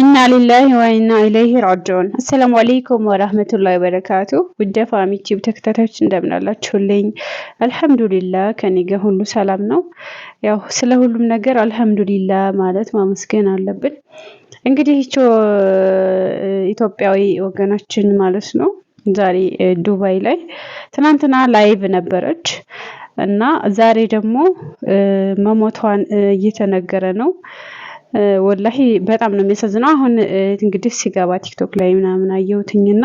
ኢና ሊላሂ ወኢና ኢለይሂ ራጅዑን። አሰላሙ አለይኩም ወራህመቱላሂ ወበረካቱ። ውድ ፋሚ ቲዩብ ተከታታዮች እንደምን አላችሁልኝ? አልሐምዱሊላህ ከኔ ጋር ሁሉ ሰላም ነው። ያው ስለ ሁሉም ነገር አልሐምዱሊላህ ማለት ማመስገን አለብን። እንግዲህ እቺ ኢትዮጵያዊ ወገናችን ማለት ነው ዛሬ ዱባይ ላይ ትናንትና ላይቭ ነበረች እና ዛሬ ደግሞ መሞቷን እየተነገረ ነው ወላሂ በጣም ነው የሚያሳዝነው። አሁን እንግዲህ ሲገባ ቲክቶክ ላይ ምናምን አየሁትኝና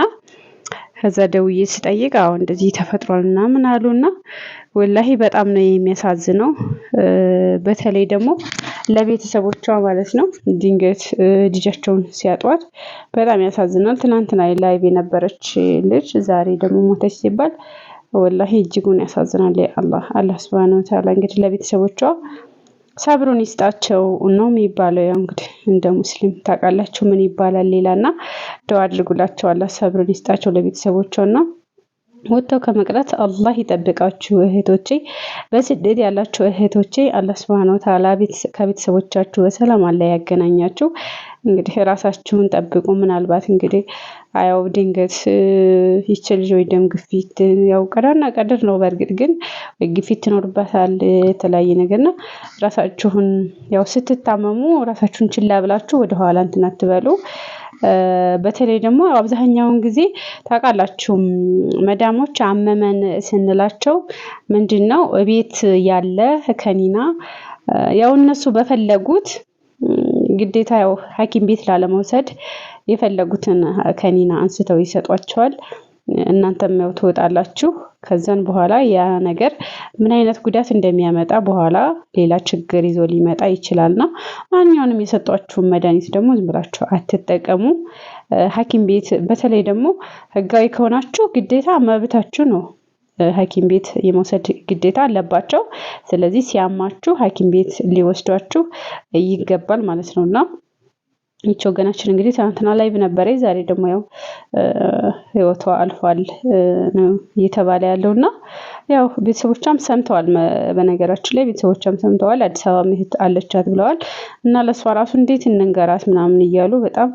ከዛ ደውዬ ስጠይቅ አሁ እንደዚህ ተፈጥሯል ምናምን አሉና ወላሂ በጣም ነው የሚያሳዝነው። በተለይ ደግሞ ለቤተሰቦቿ ማለት ነው ድንገት ልጃቸውን ሲያጧት በጣም ያሳዝናል። ትናንትና ላይቭ የነበረች ልጅ ዛሬ ደግሞ ሞተች ሲባል ወላሂ እጅጉን ያሳዝናል። አላህ አላህ ስብሃነ ወተዓላ እንግዲህ ለቤተሰቦቿ ሰብሩን ይስጣቸው ነው የሚባለው። ያው እንግዲህ እንደ ሙስሊም ታውቃላችሁ ምን ይባላል ሌላ እና ደዋ አድርጉላቸው አላ ሰብሩን ይስጣቸው ለቤተሰቦቸው ለቤተሰቦቿና ወጥተው ከመቅረት አላህ ይጠብቃችሁ እህቶቼ። በስደት ያላችሁ እህቶቼ አላህ ሱብሃነሁ ወተዓላ ከቤተሰቦቻችሁ በሰላም አላህ ያገናኛችሁ። እንግዲህ ራሳችሁን ጠብቁ። ምናልባት እንግዲህ አያው ድንገት ይች ልጅ ወይ ደም ግፊት ያው ቀዳና ቀድር ነው። በእርግጥ ግን ወይ ግፊት ትኖርበታል የተለያየ ነገር ነገርና ራሳችሁን ያው ስትታመሙ ራሳችሁን ችላ ብላችሁ ወደኋላ እንትን አትበሉ። በተለይ ደግሞ አብዛኛውን ጊዜ ታውቃላችሁም መዳሞች አመመን ስንላቸው ምንድን ነው እቤት ያለ ከኒና ያው እነሱ በፈለጉት ግዴታ ያው ሀኪም ቤት ላለመውሰድ የፈለጉትን ከኒና አንስተው ይሰጧቸዋል። እናንተም ያው ትወጣላችሁ። ከዛን በኋላ ያ ነገር ምን አይነት ጉዳት እንደሚያመጣ በኋላ ሌላ ችግር ይዞ ሊመጣ ይችላልና ማንኛውንም የሰጧችሁን መድኃኒት ደግሞ ዝም ብላችሁ አትጠቀሙ። ሐኪም ቤት በተለይ ደግሞ ህጋዊ ከሆናችሁ ግዴታ መብታችሁ ነው ሐኪም ቤት የመውሰድ ግዴታ አለባቸው። ስለዚህ ሲያማችሁ ሐኪም ቤት ሊወስዷችሁ ይገባል ማለት እና ይች ወገናችን እንግዲህ ትናንትና ላይቭ ነበረ። ዛሬ ደግሞ ያው ህይወቷ አልፏል ነው እየተባለ ያለው እና ያው ቤተሰቦቿም ሰምተዋል። በነገራችን ላይ ቤተሰቦቿም ሰምተዋል። አዲስ አበባ ምህት አለቻት ብለዋል እና ለእሷ ራሱ እንዴት እንንገራት ምናምን እያሉ በጣም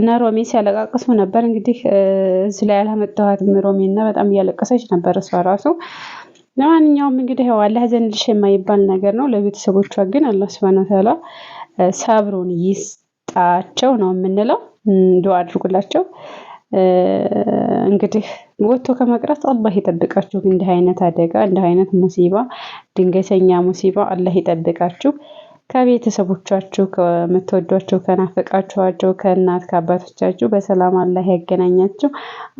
እና ሮሜ ሲያለቃቅሱ ነበር። እንግዲህ እዚህ ላይ አላመጣኋትም ሮሜ እና በጣም እያለቀሰች ነበር እሷ ራሱ ለማንኛውም እንግዲህ ያው አላህ ዘንድሽ የማይባል ነገር ነው። ለቤተሰቦቿ ግን አላህ ስብሃነ ወተዓላ ሰብሩን ይስ ጣቸው ነው የምንለው ዱዓ አድርጉላቸው። እንግዲህ ወጥቶ ከመቅረት አላህ ይጠብቃችሁ። እንዲህ አይነት አደጋ፣ እንዲህ አይነት ሙሲባ፣ ድንገተኛ ሙሲባ አላህ ይጠብቃችሁ። ከቤተሰቦቻችሁ፣ ከምትወዷቸው፣ ከናፈቃችኋቸው ከእናት ከአባቶቻችሁ በሰላም አላህ ያገናኛችሁ።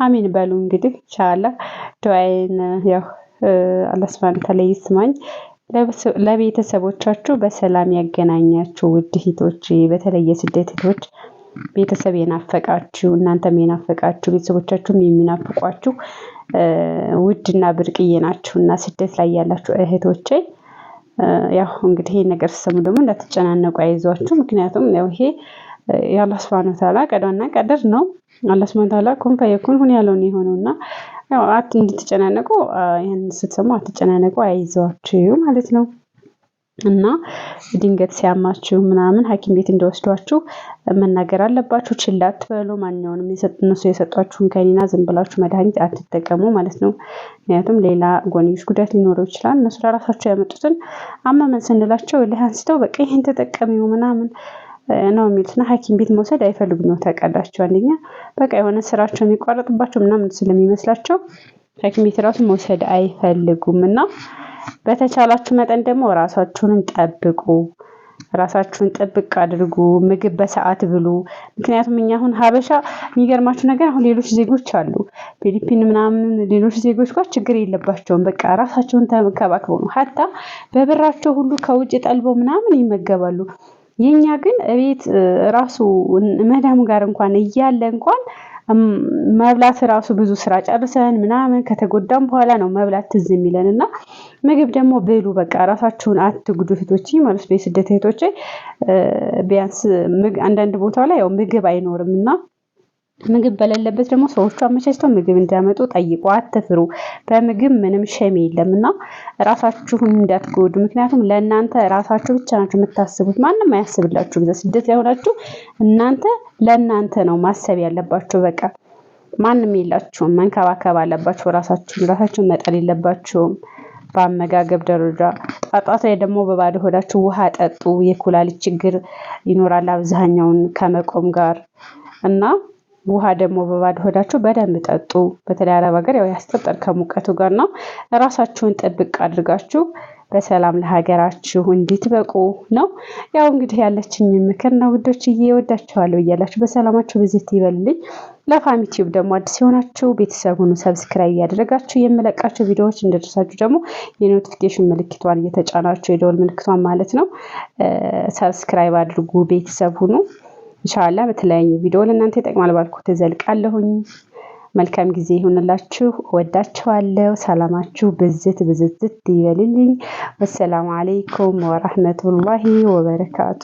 አሚን በሉ እንግዲህ ኢንሻአላህ ዱዓዬን ያው አላህ ሱብሓነሁ ይስማኝ። ለቤተሰቦቻችሁ በሰላም ያገናኛችሁ ውድ ሂቶች በተለየ ስደት ሂቶች ቤተሰብ የናፈቃችሁ እናንተም የናፈቃችሁ ቤተሰቦቻችሁም የሚናፍቋችሁ ውድና ብርቅዬ ናችሁ እና ስደት ላይ ያላችሁ እህቶቼ ያው እንግዲህ ይህ ነገር ስሰሙ ደግሞ እንዳትጨናነቁ፣ አይዟችሁ። ምክንያቱም ያው ይሄ የአላህ ስብሐነ ወተዓላ ቀዳና ቀደር ነው። አላህ ስብሐነ ወተዓላ ኩን ፈየኩን ሁን ያለውን የሆነው እና ያው አት እንድትጨናነቁ ይህን ስትሰሙ አትጨናነቁ፣ አይዘዋችሁ ማለት ነው። እና ድንገት ሲያማችሁ ምናምን ሐኪም ቤት እንደወስዷችሁ መናገር አለባችሁ። ችላ አትበሉ። ማንኛውንም እነሱ የሰጧችሁን ከኒና ዝም ብላችሁ መድኃኒት አትጠቀሙ ማለት ነው። ምክንያቱም ሌላ ጎንዮሽ ጉዳት ሊኖረው ይችላል። እነሱ ለራሳቸው ያመጡትን አመመን ስንላቸው ላይ አንስተው በቃ ይህን ተጠቀሚው ምናምን ነው የሚሉት እና ሐኪም ቤት መውሰድ አይፈልጉም ነው ታውቃላችሁ። አንደኛ በቃ የሆነ ስራቸው የሚቋረጥባቸው ምናምን ስለሚመስላቸው ሐኪም ቤት ራሱ መውሰድ አይፈልጉም እና በተቻላችሁ መጠን ደግሞ ራሳችሁንም ጠብቁ። ራሳችሁን ጥብቅ አድርጉ። ምግብ በሰዓት ብሉ። ምክንያቱም እኛ አሁን ሀበሻ የሚገርማችሁ ነገር አሁን ሌሎች ዜጎች አሉ ፊሊፒን ምናምን ሌሎች ዜጎች ጋር ችግር የለባቸውም። በቃ ራሳቸውን ተከባክበው ነው ሀታ በብራቸው ሁሉ ከውጭ ጠልበው ምናምን ይመገባሉ። የኛ ግን እቤት ራሱ መዳም ጋር እንኳን እያለ እንኳን መብላት ራሱ ብዙ ስራ ጨርሰን ምናምን ከተጎዳም በኋላ ነው መብላት ትዝ የሚለን እና ምግብ ደግሞ ብሉ፣ በቃ ራሳችሁን አትጉዱ እህቶች ማለት ቤት ስደት እህቶች ቢያንስ አንዳንድ ቦታ ላይ ያው ምግብ አይኖርም እና ምግብ በሌለበት ደግሞ ሰዎቹ አመቻችተው ምግብ እንዲያመጡ ጠይቁ። አትፍሩ። በምግብ ምንም ሸም የለም እና ራሳችሁን እንዳትጎዱ። ምክንያቱም ለእናንተ ራሳችሁ ብቻ ናችሁ የምታስቡት፣ ማንም አያስብላችሁ። እዛ ስደት ላይ እናንተ ለእናንተ ነው ማሰብ ያለባችሁ። በቃ ማንም የላችሁም። መንከባከብ አለባችሁ ራሳችሁን። ራሳችሁን መጠል የለባችሁም። በአመጋገብ ደረጃ ጣጣት ላይ ደግሞ በባዶ ሆዳችሁ ውሃ ጠጡ። የኩላሊት ችግር ይኖራል አብዛኛውን ከመቆም ጋር እና ውሃ ደግሞ በባዶ ሆዳችሁ በደንብ ጠጡ። በተለይ አረብ ሀገር ያው ያስጠጣል ከሙቀቱ ጋር ነው። ራሳችሁን ጥብቅ አድርጋችሁ በሰላም ለሀገራችሁ እንድትበቁ ነው። ያው እንግዲህ ያለችኝ ምክር ነው ውዶች፣ እየወዳችኋለሁ እያላችሁ በሰላማችሁ ብዝት ይበልልኝ። ለፋሚ ቲዩብ ደግሞ አዲስ የሆናችሁ ቤተሰብ ሰብስክራይ እያደረጋችሁ የምለቃችሁ ቪዲዮዎች እንደደረሳችሁ ደግሞ የኖቲፊኬሽን ምልክቷን እየተጫናችሁ የደወል ምልክቷን ማለት ነው ሰብስክራይብ አድርጉ። ቤተሰብ ሁኑ። ኢንሻአላ በተለያየ ቪዲዮ ለእናንተ ይጠቅማል ባልኩት ዘልቃለሁኝ። መልካም ጊዜ ይሁንላችሁ። ወዳችኋለሁ። ሰላማችሁ ብዝት ብዝዝት ይበልልኝ። ወሰላሙ አለይኩም ወራህመቱላሂ ወበረካቱ